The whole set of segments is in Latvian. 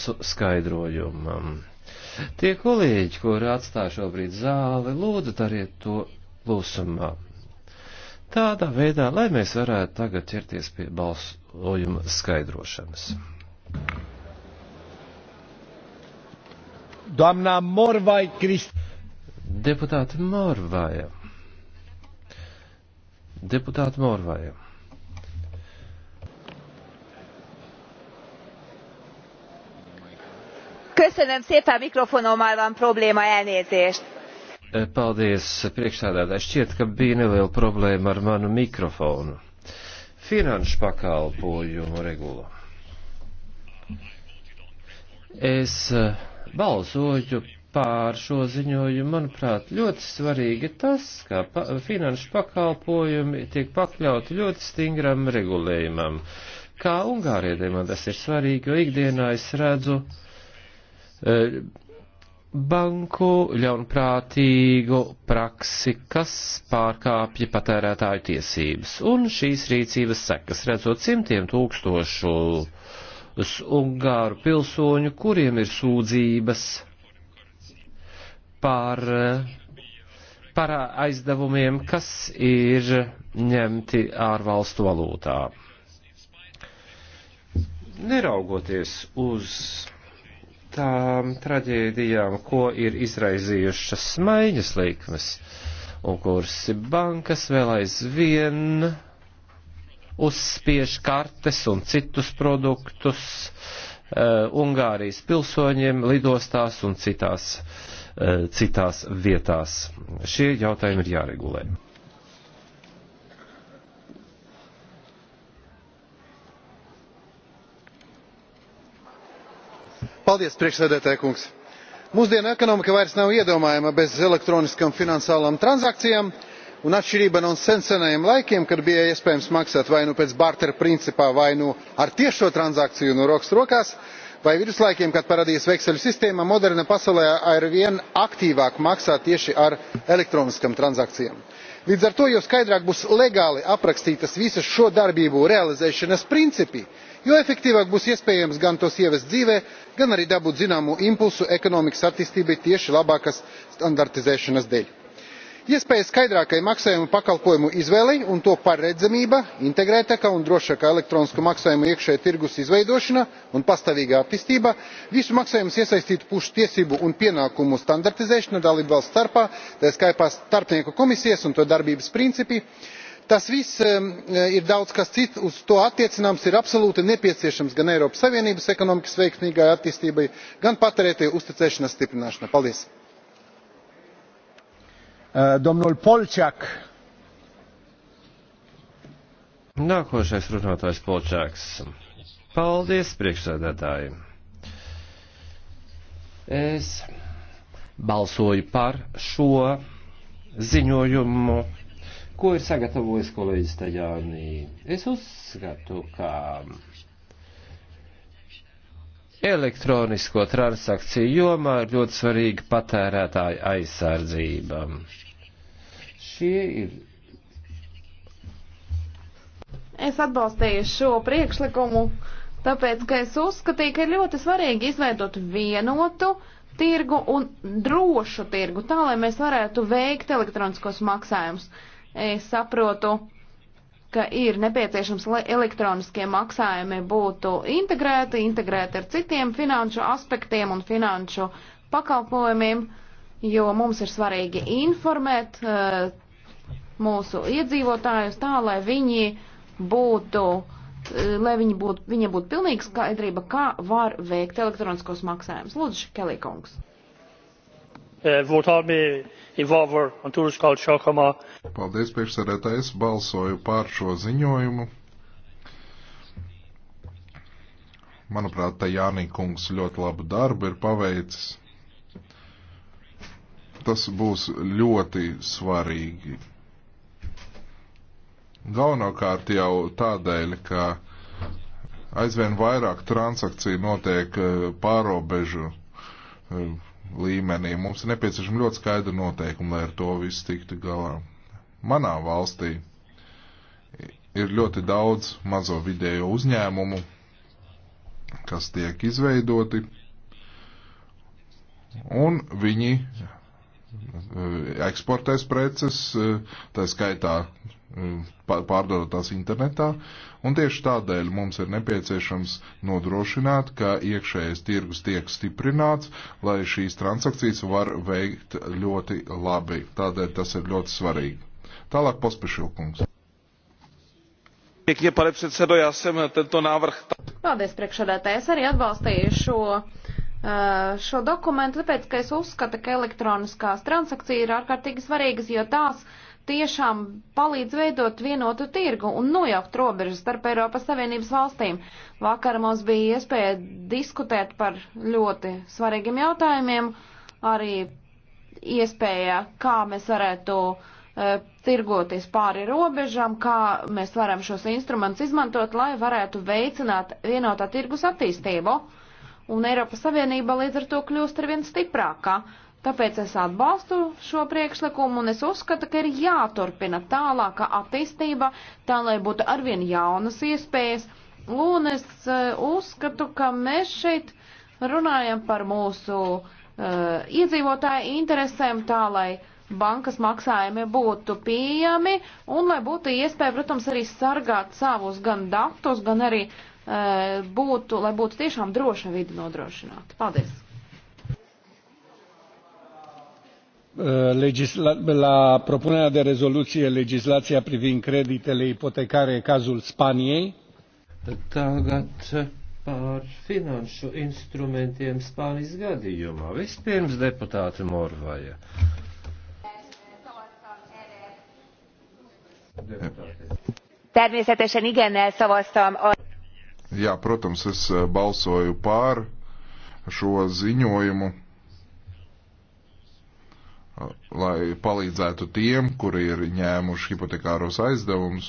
īsu skaidrojumam. Tie kolēģi, kuri atstāja šobrīd zāli, lūdzu dariet to lūsumā. Tādā veidā, lai mēs varētu tagad ķerties pie balsojuma skaidrošanas. Doamna Morvai Krist. Deputāte Morvaja. Deputāte Morvaja. köszönöm szépen mikrofonommal van probléma elnézést. Eh, paldies, priekšsēdētāji. Šķiet, ka bija neliela problēma ar manu mikrofonu. Finanšu pakalpojumu regula. Es eh, balsoju pār šo ziņojumu. Manuprāt, ļoti svarīgi tas, ka pa finanšu pakalpojumi tiek pakļauti ļoti stingram regulējumam. Kā Ungāriedēm man tas ir svarīgi, jo ikdienā es redzu, uh, Eh, banku ļaunprātīgu praksi, kas pārkāpja patērētāju tiesības. Un šīs rīcības sekas redzot simtiem tūkstošu ungāru pilsoņu, kuriem ir sūdzības par, eh, par aizdevumiem, kas ir ņemti ārvalstu valūtā. Neraugoties uz tām traģēdijām, ko ir izraizījušas smaiņas likmes, un kuras bankas vēl aizvien uzspiež kartes un citus produktus uh, Ungārijas pilsoņiem lidostās un citās, uh, citās vietās. Šie jautājumi ir jāregulē. Paldies, priekšsēdētāja kungs! Mūsdienu ekonomika vairs nav iedomājama bez elektroniskām finansiālām transakcijām, un atšķirība no sensenajiem laikiem, kad bija iespējams maksāt vai nu pēc bartera principā, vai nu ar tiešo transakciju no rokas rokās, vai viduslaikiem, kad parādījās vekseļu sistēma, moderna pasaulē arvien aktīvāk maksā tieši ar elektroniskām transakcijām. Līdz ar to, jo skaidrāk būs legāli aprakstītas visas šo darbību realizēšanas principi, jo efektīvāk būs iespējams gan tos ievest dzīvē gan arī dabūt zināmu impulsu ekonomikas attīstībai tieši labākas standartizēšanas dēļ. iespēja skaidrākai maksājumu pakalpojumu izvēlei un to paredzamība integrētāka un drošāka elektronisko maksājumu iekšējā tirgus izveidošana un pastāvīga attīstība visu maksājumus iesaistītu pušu tiesību un pienākumu standartizēšana dalībvalstu starpā tā starpnieka komisijas un to darbības principi tas viss eh, ir daudz kas cits uz to attiecināms ir absolūti nepieciešams gan eiropas savienības ekonomikas veiksmīgai attīstībai gan patērētāju uzticēšanās stiprināšanai. Eh, Paldies, priekšsēdētāji! Es balsoju par šo ziņojumu ko ir sagatavojis kolēģis Tajānī. Es uzskatu, ka elektronisko transakciju jomā ir ļoti svarīga patērētāja aizsardzība. Šie ir. Es atbalstīju šo priekšlikumu, tāpēc, ka es uzskatīju, ka ir ļoti svarīgi izveidot vienotu tirgu un drošu tirgu, tā lai mēs varētu veikt elektroniskos maksājumus. Uh, Es saprotu, ka ir nepieciešams, lai elektroniskie maksājumi būtu integrēti, integrēti ar citiem finanšu aspektiem un finanšu pakalpojumiem, jo mums ir svarīgi informēt uh, mūsu iedzīvotājus tā, lai viņi būtu, uh, lai viņi būtu, viņa būtu pilnīga skaidrība, kā var veikt elektroniskos maksājumus. Lūdzu, Kelikungs. Uh, eh, involver un tur uz kaut šokamā. Paldies, priekšsēdētājs, balsoju pār šo ziņojumu. Manuprāt, tā Jānī kungs ļoti labu darbu ir paveicis. Tas būs ļoti svarīgi. Galvenokārt jau tādēļ, ka aizvien vairāk transakciju notiek eh, pārobežu eh, līmenī. Mums ir nepieciešama ļoti skaidra noteikuma, lai ar to viss tiktu galā. Manā valstī ir ļoti daudz mazo vidējo uzņēmumu, kas tiek izveidoti, un viņi eh, eksportēs preces, eh, tā skaitā Um, pārdodot tās internetā, un tieši tādēļ mums ir nepieciešams nodrošināt, ka iekšējais tirgus tiek stiprināts, lai šīs transakcijas var veikt ļoti labi. Tādēļ tas ir ļoti svarīgi. Tālāk pospešilkums. Pane předsedo, já jsem tento návrh. Paldies, priekšsēdētāj. Es arī atbalstīju šo eh, šo dokumentu, tāpēc, ka es uzskatu, ka elektroniskās transakcija ir ārkārtīgi svarīgas, jo tās tiešām palīdz veidot vienotu tirgu un nojaukt robežas starp Eiropas Savienības valstīm. Vakar mums bija iespēja diskutēt par ļoti svarīgiem jautājumiem, arī iespēja, kā mēs varētu uh, tirgoties pāri robežām, kā mēs varam šos instrumentus izmantot, lai varētu veicināt vienotā tirgus attīstību. Un Eiropas Savienība līdz ar to kļūst arvien stiprākā. Tāpēc es atbalstu šo priekšlikumu un es uzskatu, ka ir jāturpina tālāka attīstība, tā lai būtu arvien jaunas iespējas. Un es e, uzskatu, ka mēs šeit runājam par mūsu uh, iedzīvotāju interesēm, tā lai bankas maksājumi būtu pieejami un lai būtu iespēja, protams, arī sargāt savus gan datus, gan arī uh, būtu, lai būtu tiešām droša vidi nodrošināta. Paldies! Uh, la propunerea de rezoluție legislația privind creditele ipotecare e cazul Spaniei. Tagad par finanšu instrumentiem Spānijas gadījumā. Vispirms deputāte Morvaja. Természetesen igennel szavaztam. Jā, protams, es eh, balsoju pār šo ziņojumu lai palīdzētu tiem, kuri ir ņēmuši hipotekāros aizdevumus.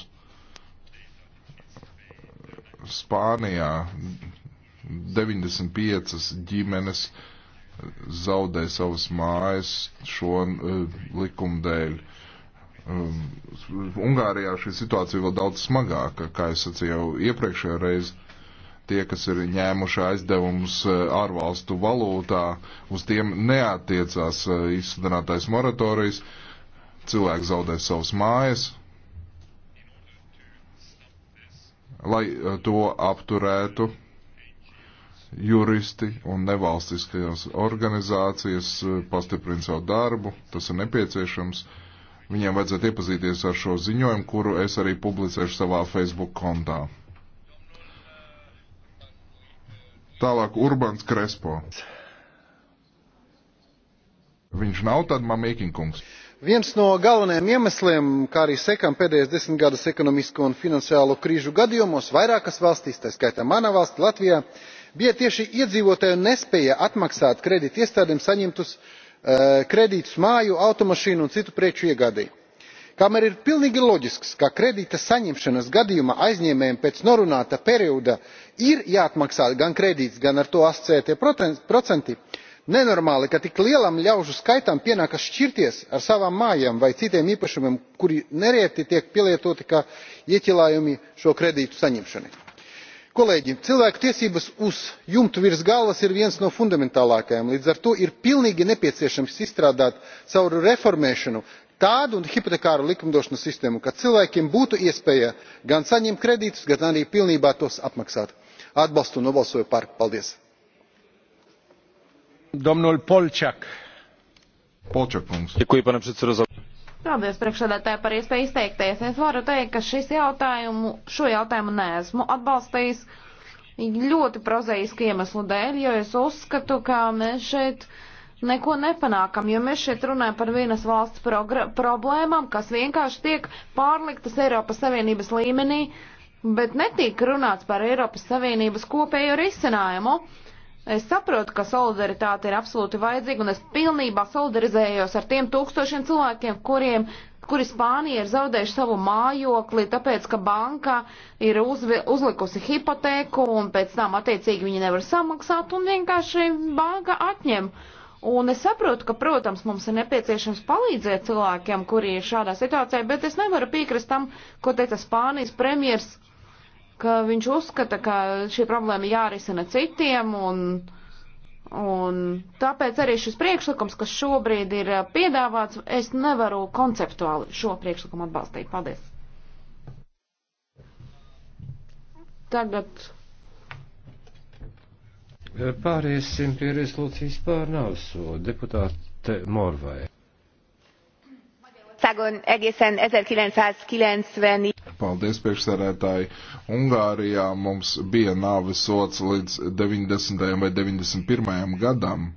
Spānijā 95 ģimenes zaudē savas mājas šo uh, likumu dēļ. Um, Ungārijā šī situācija vēl daudz smagāka, kā es sacīju iepriekšējā reizē tie, kas ir ņēmuši aizdevumus eh, ārvalstu valūtā, uz tiem neatiecās eh, izsludinātais moratorijas, cilvēki zaudē savas mājas. Lai eh, to apturētu, juristi un nevalstiskajās organizācijas pastiprina savu darbu, tas ir nepieciešams. Viņiem vajadzētu iepazīties ar šo ziņojumu, kuru es arī publicēšu savā Facebook kontā. Tālāk Urbans Krespo. Viņš nav tad mamīkinkungs. Viens no galvenajiem iemesliem, kā arī sekam pēdējos desmit gadus ekonomisko un finansiālo krīžu gadījumos vairākas valstīs, tā skaitā mana valsts Latvijā, bija tieši iedzīvotāju nespēja atmaksāt kredītiestādēm saņemtus uh, kredītus māju, automašīnu un citu preču iegādēji kamēr ir pilnīgi loģisks ka kredīta saņemšanas gadījumā aizņēmējiem pēc norunāta perioda ir jāatmaksā gan kredīts gan ar to asociētie procenti nenormāli ka tik lielam ļaužu skaitam pienākas šķirties ar savām mājām vai citiem īpašumiem kuri nereti tiek pielietoti kā ieķilājumi šo kredītu saņemšanai. kolēģi cilvēku tiesības uz jumtu virs galvas ir viens no fundamentālākajiem līdz ar to ir pilnīgi nepieciešams izstrādāt caur reformēšanu tādu un hipotekāru likumdošanas sistēmu ka cilvēkiem būtu iespēja gan saņemt kredītus gan arī pilnībā tos atmaksāt. atbalstu un nobalsoju par. paldies! pane předsedající paldies priekšsēdētāji par iespēju izteikties. Es varu teikt, ka šis jautājumu, šo jautājumu neesmu atbalstījis ļoti prozaiski iemeslu dēļ, jo es uzskatu, ka mēs šeit uh, neko nepanākam, jo mēs šeit runājam par vienas valsts problēmām, kas vienkārši tiek pārliktas Eiropas Savienības līmenī, bet netiek runāts par Eiropas Savienības kopējo risinājumu. Es saprotu, ka solidaritāte ir absolūti vajadzīga, un es pilnībā solidarizējos ar tiem tūkstošiem cilvēkiem, kuriem, kuri Spānija ir zaudējuši savu mājokli, tāpēc, ka banka ir uzvi, uzlikusi hipotēku, un pēc tam attiecīgi viņi nevar samaksāt, un vienkārši banka atņem. Uh, Un es saprotu, ka, protams, mums ir nepieciešams palīdzēt cilvēkiem, kuri ir šādā situācijā, bet es nevaru piekrist tam, ko teica Spānijas premjers, ka viņš uzskata, ka šī problēma jārisina citiem, un, un tāpēc arī šis priekšlikums, kas šobrīd ir uh, piedāvāts, es nevaru konceptuāli šo priekšlikumu atbalstīt. Paldies! Tagad Eh, pāriesim pie rezolūcijas par nāvso deputāte Morvai. Paldies, priekšsēdētāji. Ungārijā mums bija nāves sots līdz 90. vai 91. gadam.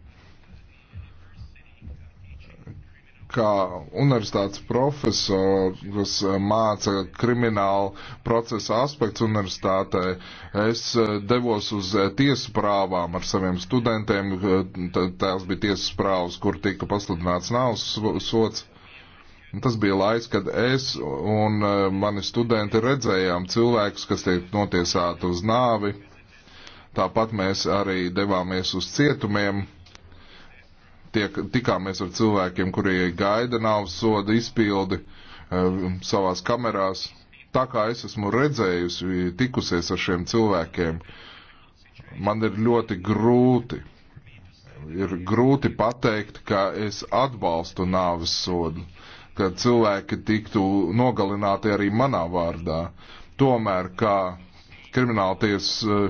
kā universitātes profesors, kas māca kriminālu procesu aspektu universitātē, es eh, devos uz eh, tiesu prāvām ar saviem studentiem. Tās bija tiesas prāvas, kur tika pasludināts nāvs sots. Tas bija laiks, kad es un eh, mani studenti redzējām cilvēkus, kas tiek notiesāti uz nāvi. Tāpat mēs arī devāmies uz cietumiem, tiek, tikāmies ar cilvēkiem, kuri gaida nāvas soda izpildi eh, savās kamerās. Tā kā es esmu redzējusi, tikusies ar šiem cilvēkiem, man ir ļoti grūti. Ir grūti pateikt, ka es atbalstu nāves sodu, ka cilvēki tiktu nogalināti arī manā vārdā. Tomēr, kā krimināltiesas eh,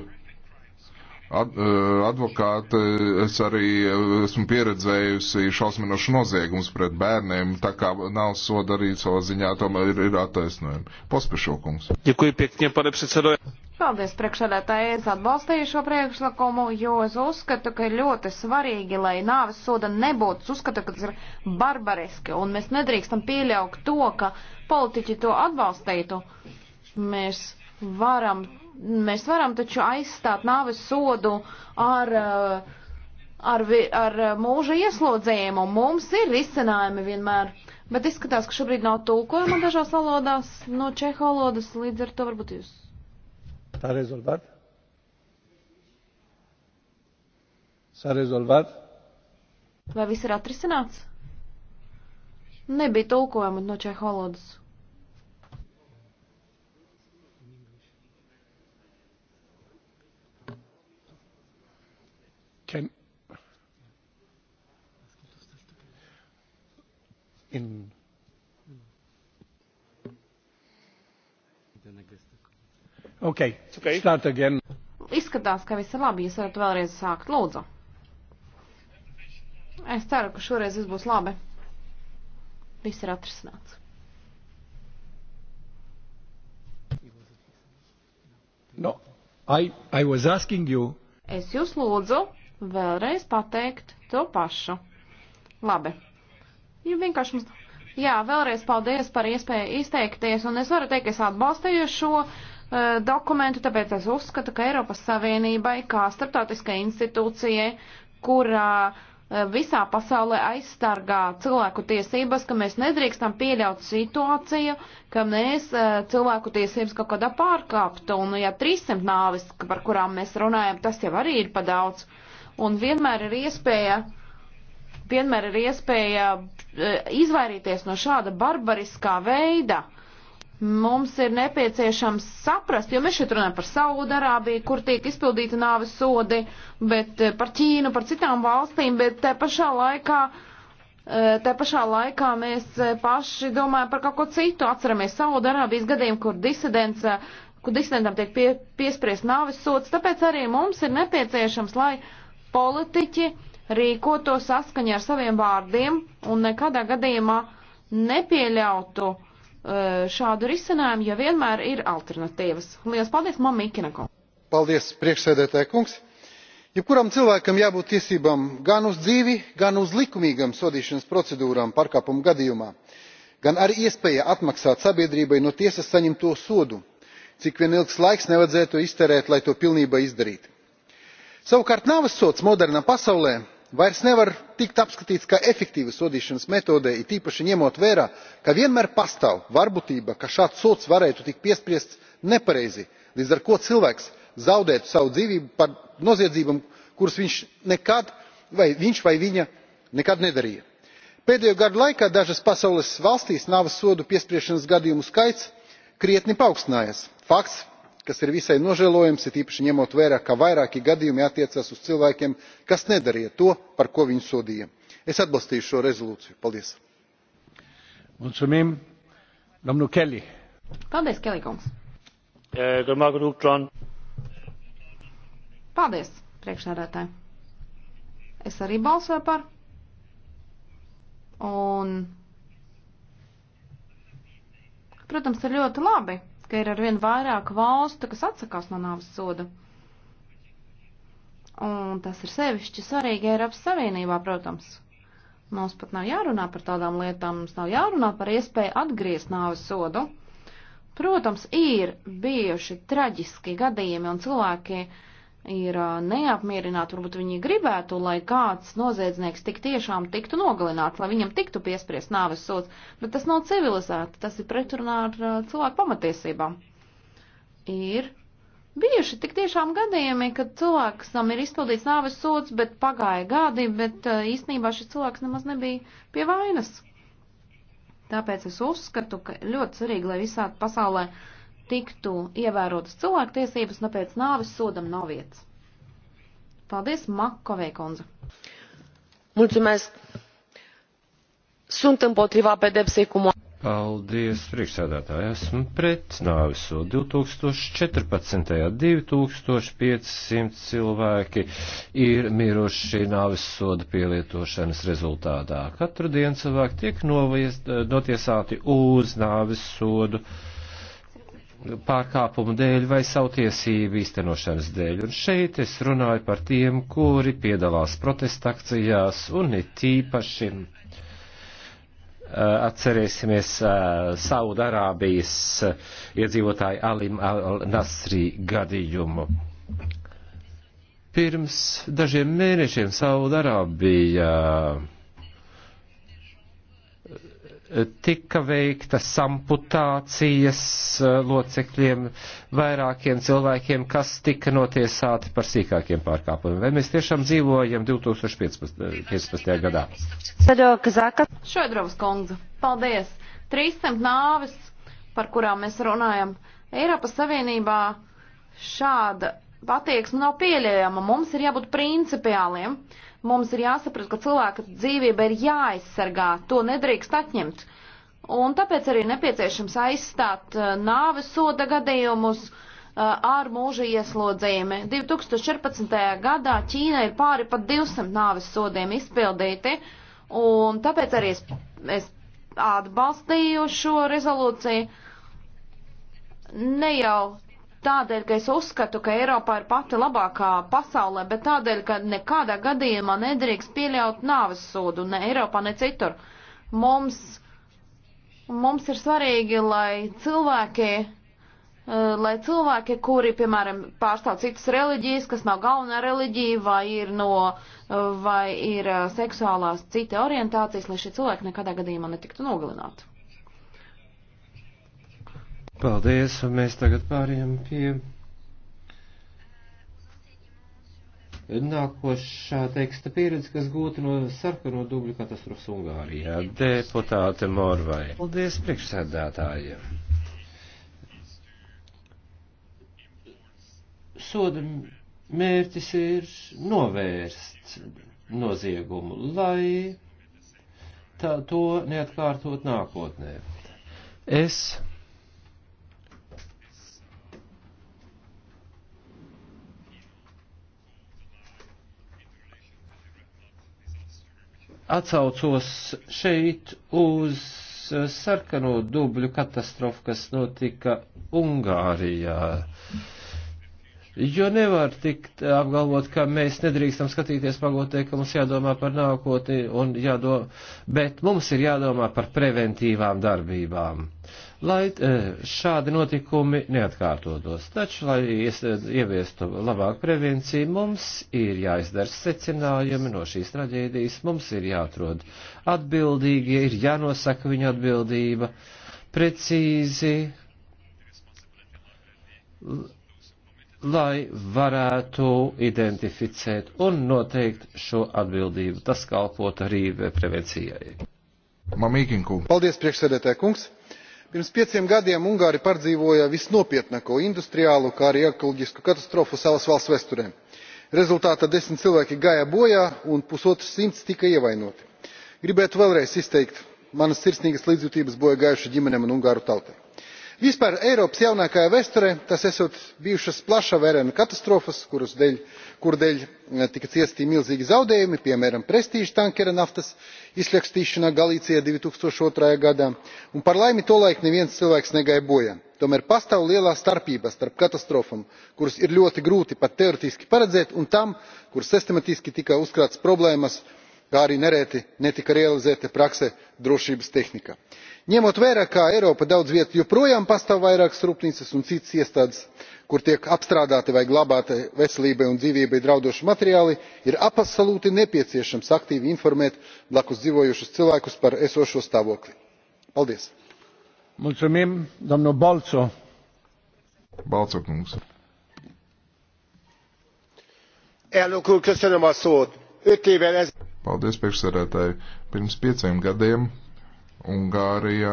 Ad, eh, advokāte, es arī eh, esmu pieredzējusi šausminošu noziegumus pret bērniem, tā kā nav soda arī savā ziņā, tomēr ir, ir attaisnojumi. Pospešokums. Děkuji pěkně, pane předsedo. Paldies, priekšsēdētāji, es atbalstīju šo priekšlikumu, jo es uzskatu, ka ir ļoti svarīgi, lai nāves soda nebūtu. Es uzskatu, ka tas ir barbariski, un mēs nedrīkstam pieļaut to, ka politiķi to atbalstītu. Mēs varam Mēs varam taču aizstāt nāves sodu ar, eh, ar, ar eh, mūža ieslodzījumu. Mums ir risinājumi vienmēr. Bet izskatās, ka šobrīd nav tulkojuma dažās valodās, no čehu valodas, līdz ar to varbūt jūs. Tā rezolvēt? S-a rezolvat? Vai viss ir atrisināts? Nebija tulkojuma no čehu valodas. Can in Okay, okay. start again. Izskatās, ka viss ir labi. Jūs varat vēlreiz sākt. Lūdzu. Es ceru, ka šoreiz viss būs labi. Viss ir atrisināts. No, I, I was asking you. Es jūs lūdzu vēlreiz pateikt to pašu. Labi. Jo vienkārši mums. Jā, vēlreiz paldies par iespēju izteikties, un es varu teikt, ka es atbalstīju šo uh, dokumentu, tāpēc es uzskatu, ka Eiropas Savienībai kā starptautiskai institūcijai, kurā uh, visā pasaulē aizstargā cilvēku tiesības, ka mēs nedrīkstam pieļaut situāciju, ka mēs e, cilvēku tiesības kaut kādā pārkāptu. Un, ja 300 nāvis, par kurām mēs runājam, tas jau arī ir pa daudz un vienmēr ir iespēja, vienmēr ir iespēja e, izvairīties no šāda barbariskā veida. Mums ir nepieciešams saprast, jo mēs šeit runājam par Saudarābiju, kur tiek izpildīta nāves sodi, bet e, par Ķīnu, par citām valstīm, bet te pašā laikā uh, Te pašā laikā mēs paši domājam par kaut ko citu. Atceramies Saudarābijas gadījumu, kur disidents, kur disidentam tiek pie, piespriezt nāvis sots. Tāpēc arī mums ir nepieciešams, lai politiķi rīkoto saskaņā ar saviem vārdiem un nekādā gadījumā nepieļautu e, šādu risinājumu, ja vienmēr ir alternatīvas. Lielas paldies, mamma Ikinako. Paldies, priekšsēdētāja kungs. Jebkuram cilvēkam jābūt tiesībām gan uz dzīvi, gan uz likumīgam sodīšanas procedūrām pārkāpumu gadījumā, gan arī iespēja atmaksāt sabiedrībai no tiesas saņemto sodu, cik vien ilgs laiks nevajadzētu izterēt, lai to pilnībā izdarītu savukārt nāvessods modernā pasaulē vairs nevar tikt apskatīts kā efektīva sodīšanas metode it īpaši ņemot vērā ka vienmēr pastāv varbūtība ka šāds sods varētu tikt piespriests nepareizi līdz ar to cilvēks zaudētu savu dzīvību par noziedzībām kuras viņš nekad vai viņš vai viņa nekad nedarīja. pēdējo gadu laikā dažās pasaules valstīs nāves sodu piespriešanas gadījumu skaits krietni paaugstinājies fakts kas ir visai nožēlojams it īpaši ņemot vērā ka vairāki gadījumi attiecās uz cilvēkiem kas nedarīja to par ko viņus sodīja. es atbalstīšu šo rezolūciju. paldies! Paldies, Kelly kungs! Eh, paldies, priekšsēdētāji! Es arī balsoju par. Un, protams, ir ļoti labi, ka ir arvien vairāk valstu, kas atsakās no nāves soda. Un tas ir sevišķi svarīgi Eiropas Savienībā, protams. Mums pat nav jārunā par tādām lietām, mums nav jārunā par iespēju atgriezt nāves sodu. Protams, ir bijuši traģiski gadījumi un cilvēki uh, ir neapmierināti, varbūt viņi gribētu, lai kāds noziedznieks tik tiešām tiktu nogalināts, lai viņam tiktu piespriezt nāves sots, bet tas nav civilizēti, tas ir pretrunā ar cilvēku pamatiesībām. Ir bijuši tik tiešām gadījumi, kad cilvēksam ir izpildīts nāves sots, bet pagāja gadi, bet īstenībā šis cilvēks nemaz nebija pie vainas. Tāpēc es uzskatu, ka ļoti svarīgi, lai visā pasaulē uh, tiktu ievērotas cilvēktiesības, un nu tāpēc nāves sodam nav vietas. Paldies, Makovei kundze. Mulțumesc. Sunt împotriva pedepsei cu moartea. Paldies, priekšsēdētāji, esmu pret nāviso 2014. 2500 cilvēki ir miruši nāvisoda pielietošanas rezultātā. Katru dienu cilvēki tiek novies, notiesāti uz nāvisodu. sodu pārkāpumu dēļ vai sautiesību īstenošanas dēļ. Un šeit es runāju par tiem, kuri piedalās protestakcijās un ir tīpaši eh, atcerēsimies eh, Saudarābijas eh, iedzīvotāju Alim al-Nasri gadījumu. Pirms dažiem mēnešiem Saudarābija tika veikta samputācijas eh, locekļiem, vairākiem cilvēkiem, kas tika notiesāti par sīkākiem pārkāpumiem. Vai mēs tiešām dzīvojam 2015. gadā? Šodrovs kundze, paldies! 300 nāves, par kurām mēs runājam, Eiropas Savienībā šāda attieksme nav pieļaujama. Mums ir jābūt principiāliem. Mums ir jāsaprot, ka cilvēka dzīvība ir jāaizsargā, to nedrīkst atņemt. Un tāpēc arī nepieciešams aizstāt uh, nāves soda gadījumus uh, ar mūža ieslodzījumi. 2014. gadā Ķīna ir pāri pat 200 nāves sodiem izpildīti, un tāpēc arī es, es atbalstīju šo rezolūciju. Ne jau tādēļ, ka es uzskatu, ka Eiropā ir pati labākā pasaulē, bet tādēļ, ka nekādā gadījumā nedrīkst pieļaut nāves sodu ne Eiropā, ne citur. Mums, mums ir svarīgi, lai cilvēki, eh, lai cilvēki, kuri, piemēram, pārstāv citas reliģijas, kas nav galvenā reliģija, vai ir no, vai ir eh, seksuālās cita orientācijas, lai šie cilvēki nekādā gadījumā netiktu nogalināti. Paldies, un mēs tagad pārējām pie nākošā teksta pieredze, kas gūta no sarkano dubļu katastrofas Ungārijā. Deputāte Morvai. Paldies priekšsēdētājiem. Soda mērķis ir novērst noziegumu, lai tā, to neatkārtot nākotnē. Es Atsaucos šeit uz eh, sarkano dubļu katastrofu, kas notika Ungārijā. Jo nevar tikt apgalvot, ka mēs nedrīkstam skatīties pagotnē, ka mums jādomā par nākotni un jādomā, bet mums ir jādomā par preventīvām darbībām lai e, šādi notikumi neatkārtotos. Taču, lai e, ieviestu labāku prevenciju, mums ir jāizdara secinājumi no šīs traģēdijas, mums ir jāatrod atbildīgie, ir jānosaka viņa atbildība precīzi, lai varētu identificēt un noteikt šo atbildību. Tas kalpot arī prevencijai. Mamīkinku. Paldies, priekšsēdētāja kungs! pirms pieciem gadiem ungāri pārdzīvoja visnopietnāko industriālo kā arī ekoloģisko katastrofu savas valsts vēsturē. rezultātā desmit cilvēki gāja bojā un pusotrs simts tika ievainoti. gribētu vēlreiz izteikt manas sirsnīgās līdzjūtības bojā gājušo ģimenēm un ungāru tautai vispār eiropas jaunākajā vēsturē tas esot bijušas plaša mērena katastrofas kuru dēļ eh, tika ciesti milzīgi zaudējumi piemēram prestiža tankera naftas izšļakstīšanā galīcijā divi tūkstoši otrajā gadā un par laimi tolaik neviens cilvēks negāja bojā. tomēr pastāv liela starpība starp katastrofām kuras ir ļoti grūti pat teorētiski paredzēt un tām kur sistemātiski tika uzkrātas problēmas kā arī nereti netika realizēta praksē drošības tehnika ņemot vērā ka eiropā daudz viet joprojām pastāv vairākas rūpnīcas un citas iestādes kur tiek apstrādāti vai glabāti veselībai un dzīvībai draudoši materiāli ir absolūti nepieciešams aktīvi informēt blakus dzīvojošus cilvēkus par esošo stāvokli. paldies! paldies priekšsēdētāj! pirms pieciem gadiem Ungārijā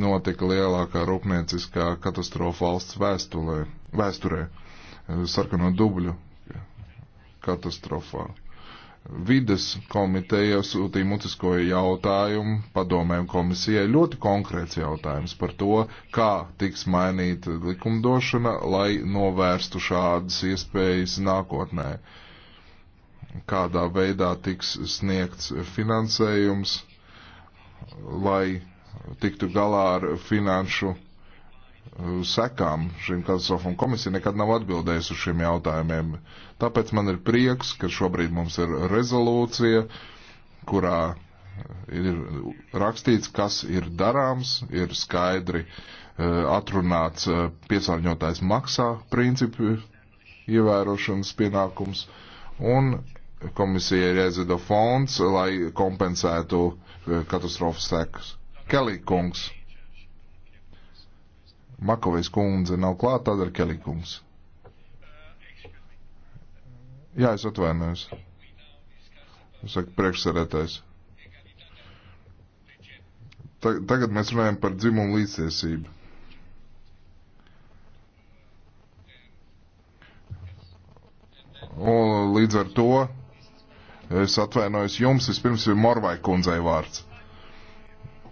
notika lielākā rūpnieciskā katastrofa valsts vēstulē, vēsturē, sarkano dubļu katastrofā. Vides komiteja sūtīja mutisko jautājumu padomēm komisijai ļoti konkrēts jautājums par to, kā tiks mainīta likumdošana, lai novērstu šādas iespējas nākotnē. Uh, kādā veidā tiks sniegts finansējums, lai tiktu galā ar finanšu uh, sekām šīm katastrofām. Komisija nekad nav atbildējusi uz šiem jautājumiem. Tāpēc man ir prieks, ka šobrīd mums ir rezolūcija, kurā ir rakstīts, kas ir darāms, ir skaidri uh, atrunāts uh, piesārņotājs maksā principu ievērošanas pienākums un komisija ir jāizveido fonds, lai kompensētu e, katastrofas sekas. Kelī kungs. Makovejs kundze nav klāt, tad ir Kelī kungs. Jā, es atvainojos. Saka priekšsarētais. Tagad mēs runājam par dzimumu līdztiesību. Un līdz ar to Es atvainojos jums, vispirms ir Morvai kundzei vārds.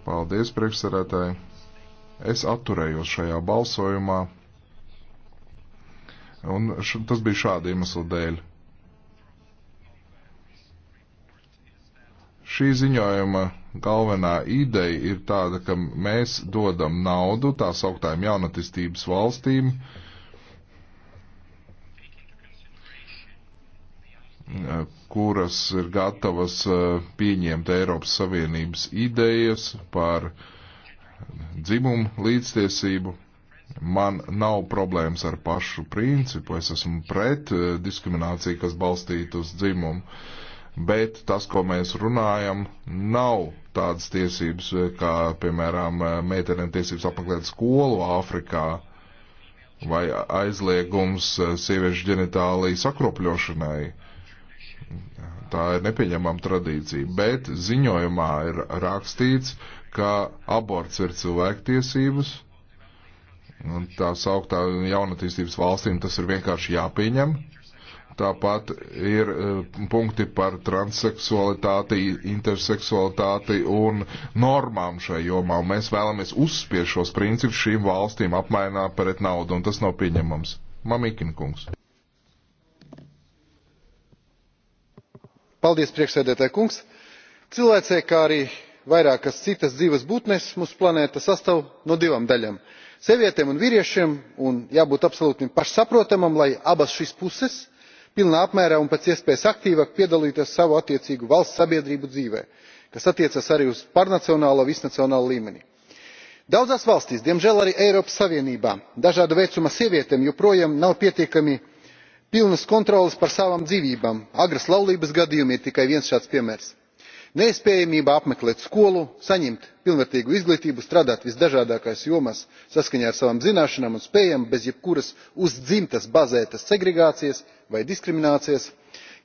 Paldies, priekšsarētāji. Es atturējos šajā balsojumā. Un š, tas bija šāda iemesla dēļ. Šī ziņojuma galvenā ideja ir tāda, ka mēs dodam naudu tā sauktājiem jaunatistības valstīm, uh, kuras ir gatavas eh, pieņemt Eiropas Savienības idejas par dzimumu līdztiesību. Man nav problēmas ar pašu principu, es esmu pret eh, diskrimināciju, kas balstīta uz dzimumu, bet tas, ko mēs runājam, nav tādas tiesības, eh, kā, piemēram, meitenēm tiesības apmeklēt skolu Āfrikā vai aizliegums sieviešu ģenitāliju sakropļošanai. Uh, Tā ir nepieņemama tradīcija, bet ziņojumā ir rakstīts, ka aborts ir cilvēktiesības, un tā sauktā jaunatīstības valstīm tas ir vienkārši jāpieņem. Tāpat ir eh, punkti par transseksualitāti, interseksualitāti un normām šajā jomā. Un mēs vēlamies uzspiešos principus šīm valstīm apmainā pret naudu, un tas nav pieņemams. Mamikina kungs. priekšsēdētāja kungs cilvēce kā arī vairākas citas dzīves būtnes mūsu planēta sastāv no divām daļām sievietēm un vīriešiem un jābūt absolūti pašsaprotamam lai abas šīs puses pilnā apmērā un pēc iespējas aktīvāk piedalītos savu attiecīgo valstu sabiedrību dzīvē kas attiecas arī uz pārnacionālo visnacionālo līmeni. daudzās valstīs diemžēl arī eiropas savienībā dažāda vecuma sievietēm joprojām nav pietiekami pilnas kontroles pār savām dzīvībām agras laulības gadījumi ir tikai viens šāds piemērs nespējamība apmeklēt skolu saņemt pilnvērtīgu izglītību strādāt visdažādākajās jomās saskaņā ar savām zināšanām un spējām bez jebkuras uz dzimtas bāzētas segregācijas vai diskriminācijas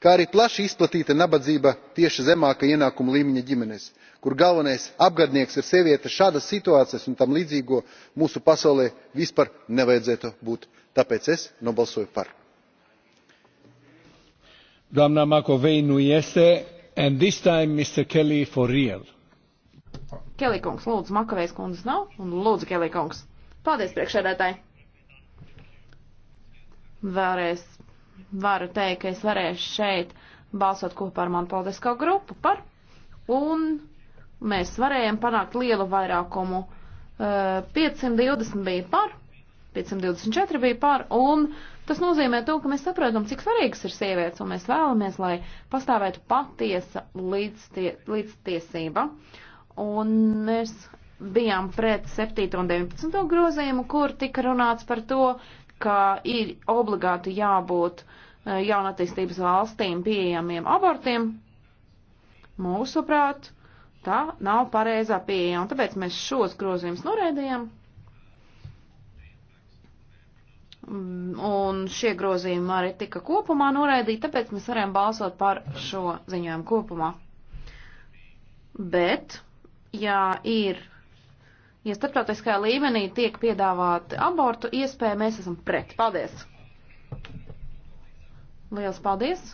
kā arī plaši izplatīta nabadzība tieši zemāka ienākuma līmeņa ģimenēs kur galvenais apgādnieks ir sieviete šādas situācijas un tam līdzīgo mūsu pasaulē vispār nevajadzētu būt tāpēc es nobalsoju par. Doamna Makovei nu este, and this time Mr. Kelly for real. Kelly kungs, lūdzu, Makavejs kundzes nav, un lūdzu, Kelly kungs. Paldies, priekšsēdētāji. Vēlreiz varu teikt, ka es varēšu šeit balsot kopā ar manu politisko grupu par, un mēs varējām panākt lielu vairākumu. 520 eh, bija par, 524 bija par, un Tas nozīmē to, ka mēs saprotam, cik svarīgas ir sievietes, un mēs vēlamies, lai pastāvētu patiesa līdztie, līdztiesība. Un mēs bijām pret 7. un 19. grozījumu, kur tika runāts par to, ka ir obligāti jābūt eh, jaunatīstības valstīm pieejamiem abortiem. Mūsuprāt, tā nav pareizā pieeja, un tāpēc mēs šos grozījumus noraidījām. Mm, un šie grozījumi arī tika kopumā noraidīti, tāpēc mēs varējām balsot par šo ziņojumu kopumā. Bet, ja ir, ja starptautiskajā līmenī tiek piedāvāti abortu iespēja, mēs esam pret. Paldies! Liels paldies!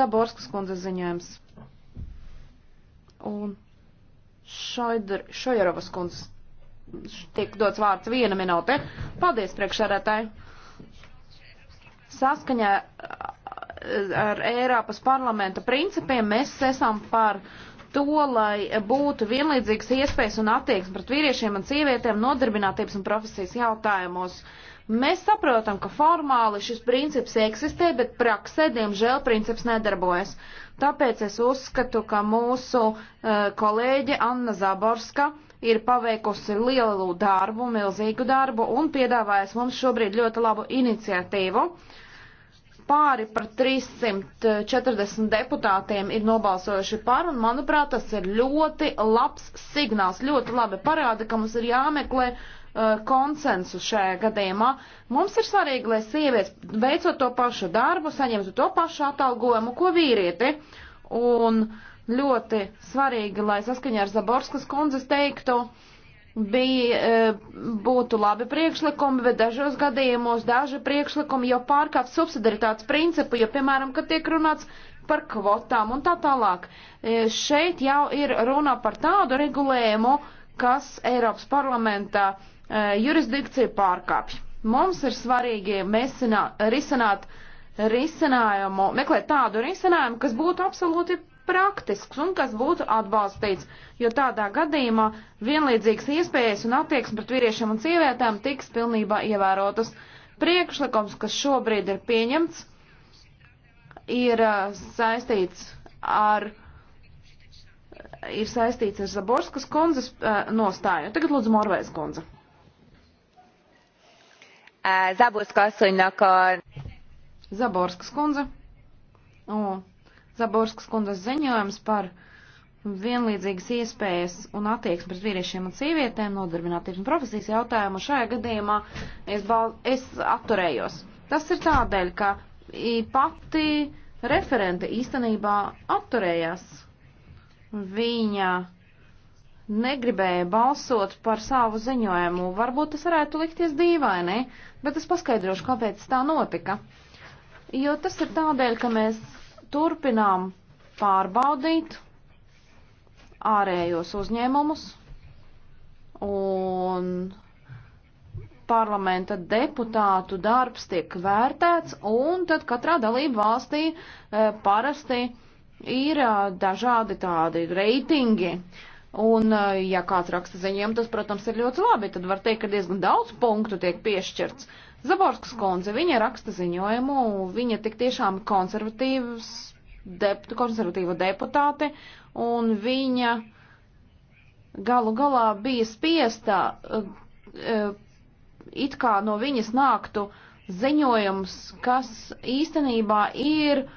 Zaborskas kundzes ziņojums. Un Šoidarovas kundzes tiek dots vārds viena minūte. Paldies, priekšsēdētāji. Saskaņā eh, ar Eiropas parlamenta principiem mēs esam par to, lai būtu vienlīdzīgas iespējas un attieksme pret vīriešiem un sievietēm nodarbinātības un profesijas jautājumos. Mēs saprotam, ka formāli šis princips eksistē, bet praksē, diemžēl, princips nedarbojas. Tāpēc es uzskatu, ka mūsu uh, kolēģe Anna Zaborska uh, ir paveikusi lielu darbu, milzīgu darbu un piedāvājas mums šobrīd ļoti labu iniciatīvu. Pāri par 340 deputātiem ir nobalsojuši par, un manuprāt, tas ir ļoti labs signāls, ļoti labi parāda, ka mums ir jāmeklē uh, konsensus šajā gadījumā. Mums ir svarīgi, lai sievietes veicot to pašu darbu, saņemtu to pašu atalgojumu, ko vīrieti. Un uh, ļoti svarīgi, lai saskaņā ar Zaborskas kundzes teiktu, bija, e, būtu labi priekšlikumi, bet dažos gadījumos daži priekšlikumi jau pārkāpj subsidaritātes principu, jo, piemēram, kad tiek runāts par kvotām un tā tālāk. E, šeit jau ir runa par tādu regulējumu, kas Eiropas parlamentā e, jurisdikciju pārkāpj. Mums ir svarīgi mēsināt, risināt risinājumu, meklēt tādu risinājumu, kas būtu absolūti praktisks un kas būtu atbalstīts, jo tādā gadījumā vienlīdzīgas iespējas un attieksme pret vīriešiem un sievietēm tiks pilnībā ievērotas. Priekšlikums, kas šobrīd ir pieņemts, ir uh, saistīts ar ir saistīts ar Zaborskas kundzes uh, nostāju. Tagad lūdzu Morvēs kundze. Uh, Zaborska asszonynak a... Zaborska skundze. Un Zaborskas kundas ziņojums par vienlīdzīgas iespējas un attieksmi pret vīriešiem un sievietēm nodarbinātības un profesijas jautājumu. Šajā gadījumā es, bal, es atturējos. Tas ir tādēļ, ka pati referente īstenībā atturējās. Viņa negribēja balsot par savu ziņojumu. Varbūt tas varētu likties dīvaini, bet es paskaidrošu, kāpēc tā notika. Jo tas ir tādēļ, ka mēs turpinām pārbaudīt ārējos uzņēmumus un parlamenta deputātu darbs tiek vērtēts un tad katrā dalība valstī e, parasti ir e, dažādi tādi reitingi. Un, e, ja kāds raksta ziņojumu, tas, protams, ir ļoti labi, tad var teikt, ka diezgan daudz punktu tiek piešķirts. Uh, Zaborskas kundze, viņa raksta ziņojumu, viņa tik tiešām konservatīvas, dep konservatīva deputāte, un viņa galu galā bija spiesta, eh, eh, it kā no viņas nāktu ziņojums, kas īstenībā ir eh,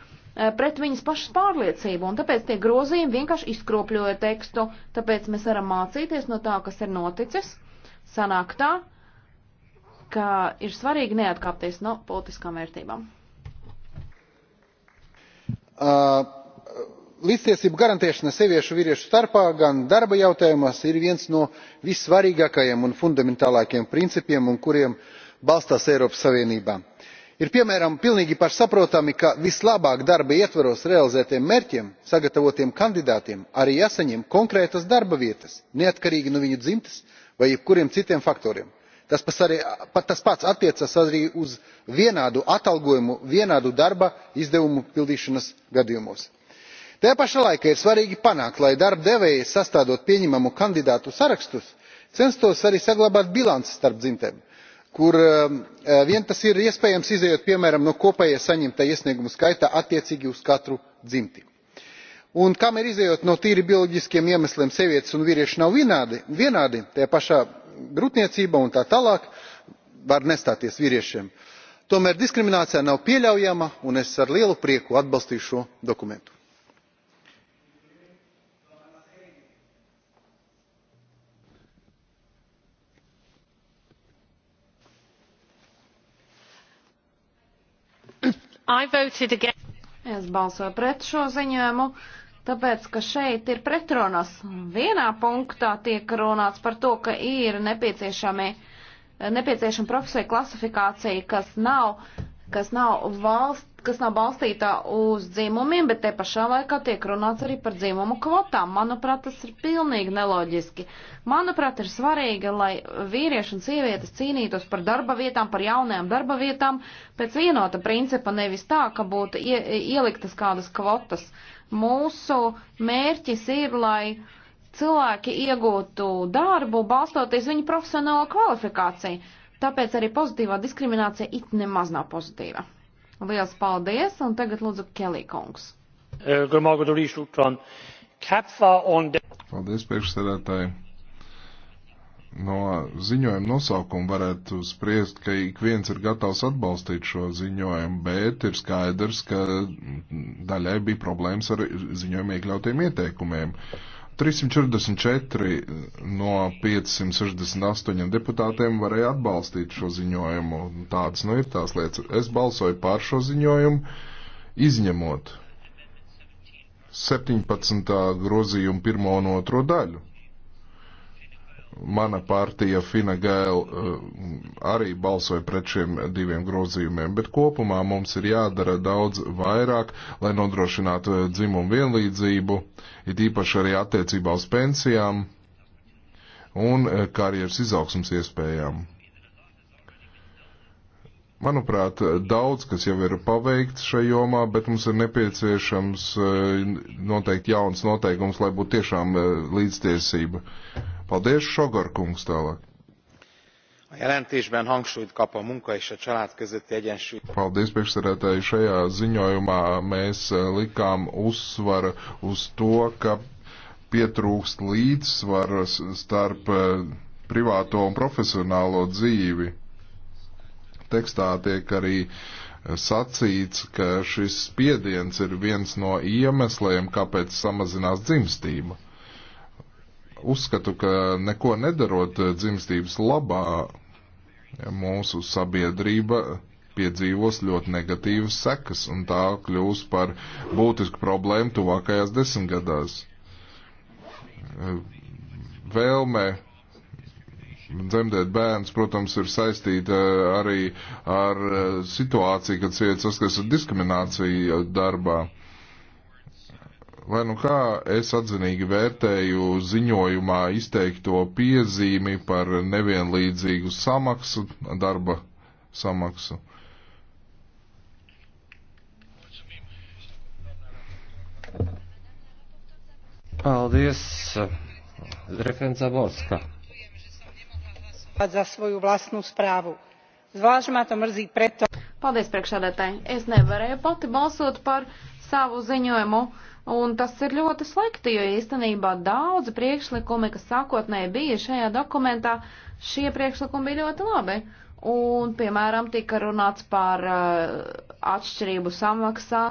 pret viņas pašas pārliecību, un tāpēc tie grozījumi vienkārši izkropļoja tekstu, tāpēc mēs varam mācīties no tā, kas ir noticis. Sanāk tā, ka ir svarīgi neatkāpties no politiskām vērtībām. Uh, līdztiesību garantēšana sieviešu vīriešu starpā gan darba jautājumos ir viens no vissvarīgākajiem un fundamentālākajiem principiem uz kuriem balstās eiropas savienība. ir piemēram pilnīgi pašsaprotami ka vislabāk darba ietvaros realizētiem mērķiem sagatavotiem kandidātiem arī jāsaņem konkrētas darba vietas neatkarīgi no viņu dzimtes vai jebkuriem citiem faktoriem tas pats attiecas arī uz vienādu atalgojumu vienādu darba izdevumu pildīšanas gadījumos. tajā pašā laikā ir svarīgi panākt lai darba devēji sastādot pieņemamu kandidātu sarakstus censtos arī saglabāt bilanci starp dzimtēm kur um, eh, vien tas ir iespējams izējot piemēram no kopējā saņemtā iesniegumu skaita attiecīgi uz katru dzimti un kamēr izējot no tīri bioloģiskiem iemesliem sievietes un vīrieši nav vienādi tajā pašā grūtniecībā un tā tālāk var nestāties vīriešiem. tomēr diskriminācija nav pieļaujama un es ar lielu prieku atbalstīju šo dokumentu. Es balsoju pret šo ziņojumu Tāpēc, ka šeit ir pretrunas. Vienā punktā tiek runāts par to, ka ir nepieciešami, nepieciešama profesija klasifikācija, kas nav, kas nav valsts kas nav balstīta uz dzimumiem, bet te pašā laikā tiek runāts arī par dzimumu kvotām. Manuprāt, tas ir pilnīgi neloģiski. Manuprāt, ir svarīgi, lai vīrieši un sievietes cīnītos par darba vietām, par jaunajām darba vietām, pēc vienota principa, nevis tā, ka būtu ie, ieliktas kādas kvotas. Mūsu mērķis ir, lai cilvēki iegūtu darbu, balstoties viņu profesionālo kvalifikāciju. Tāpēc arī pozitīvā diskriminācija it nemaz nav pozitīva. Lielas paldies, un tagad lūdzu Kelī kungs. Eh, paldies, priekšsēdētāji. No ziņojuma nosaukuma varētu spriest, ka ik viens ir gatavs atbalstīt šo ziņojumu, bet ir skaidrs, ka daļai bija problēmas ar ziņojumu iekļautiem ieteikumiem. 344 no 568 deputātiem varēja atbalstīt šo ziņojumu. Tādas nu ir tās lietas. Es balsoju pār šo ziņojumu, izņemot 17. grozījumu pirmo un otro daļu mana partija Fina Gēl eh, arī balsoja pret šiem diviem grozījumiem, bet kopumā mums ir jādara daudz vairāk, lai nodrošinātu eh, dzimumu vienlīdzību, it īpaši arī attiecībā uz pensijām un eh, karjeras izaugsmas iespējām. Manuprāt, daudz, kas jau ir paveikts šajā jomā, bet mums ir nepieciešams noteikti jauns noteikums, lai būtu tiešām līdztiesība. Paldies, Sogor kungs tālāk. A jelentésben hangsúlyt kap a munka és a család közötti egyensúly. Paldies, priekšsēdētāji, šajā ziņojumā mēs eh, likām uzsvaru uz to, ka pietrūkst līdzsvaras starp eh, privāto un profesionālo dzīvi. Tekstā tiek arī eh, sacīts, ka šis spiediens ir viens no iemesliem, kāpēc samazinās dzimstība uzskatu, ka neko nedarot dzimstības labā mūsu sabiedrība piedzīvos ļoti negatīvas sekas, un tā kļūs par būtisku problēmu tuvākajās desmitgadās. Vēlme dzemdēt bērns, protams, ir saistīta arī ar situāciju, kad sieviete saskars ar diskrimināciju darbā. Lai nu kā es atzinīgi vērtēju ziņojumā izteikto piezīmi par nevienlīdzīgu samaksu, darba samaksu. Paldies, referents Zaborska. Za svoju vlastnú správu. Zvlášť ma to mrzí preto. Paldies, priekšādētāji. Es nevarēju pati balsot par savu ziņojumu. Uh, Un tas ir ļoti slikti, jo īstenībā daudzi priekšlikumi, kas sākotnēji bija šajā dokumentā, šie priekšlikumi bija ļoti labi. Un, piemēram, tika runāts par uh, atšķirību samaksā.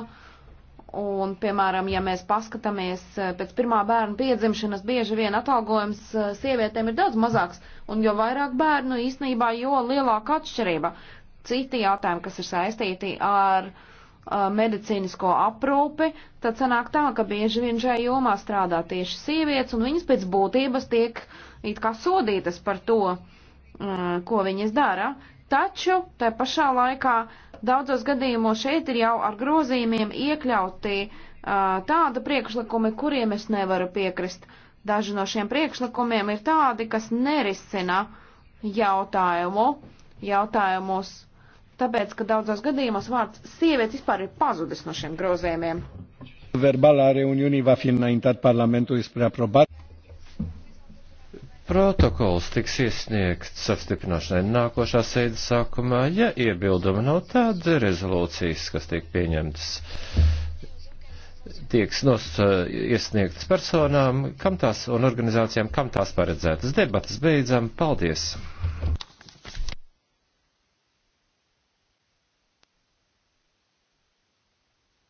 Un, piemēram, ja mēs paskatāmies eh, pēc pirmā bērna piedzimšanas, bieži vien atalgojums eh, sievietēm ir daudz mazāks. Un jo vairāk bērnu īstenībā, jo lielāka atšķirība. Citi jautājumi, kas ir saistīti ar uh, medicīnisko aprūpi, tad sanāk tā, ka bieži vien šajā jomā strādā tieši sievietes, un viņas pēc būtības tiek it kā sodītas par to, ko viņas dara. Taču te pašā laikā daudzos gadījumos šeit ir jau ar grozījumiem iekļauti tāda priekšlikumi, kuriem es nevaru piekrist. Daži no šiem priekšlikumiem ir tādi, kas nerisina jautājumu, jautājumus tāpēc, ka daudzos gadījumos vārds sievietes vispār ir pazudis no šiem grozējumiem. Verbalā reuniunī va fi înaintat Parlamentului spre aprobare. Protokols tiks iesniegts apstiprināšanai nākošā sēdes sākumā. Ja iebildumi nav tad rezolūcijas, kas tiek pieņemtas, tieks nos, iesniegtas personām, kam tās un organizācijām, kam tās paredzētas. Debatas beidzam. Paldies!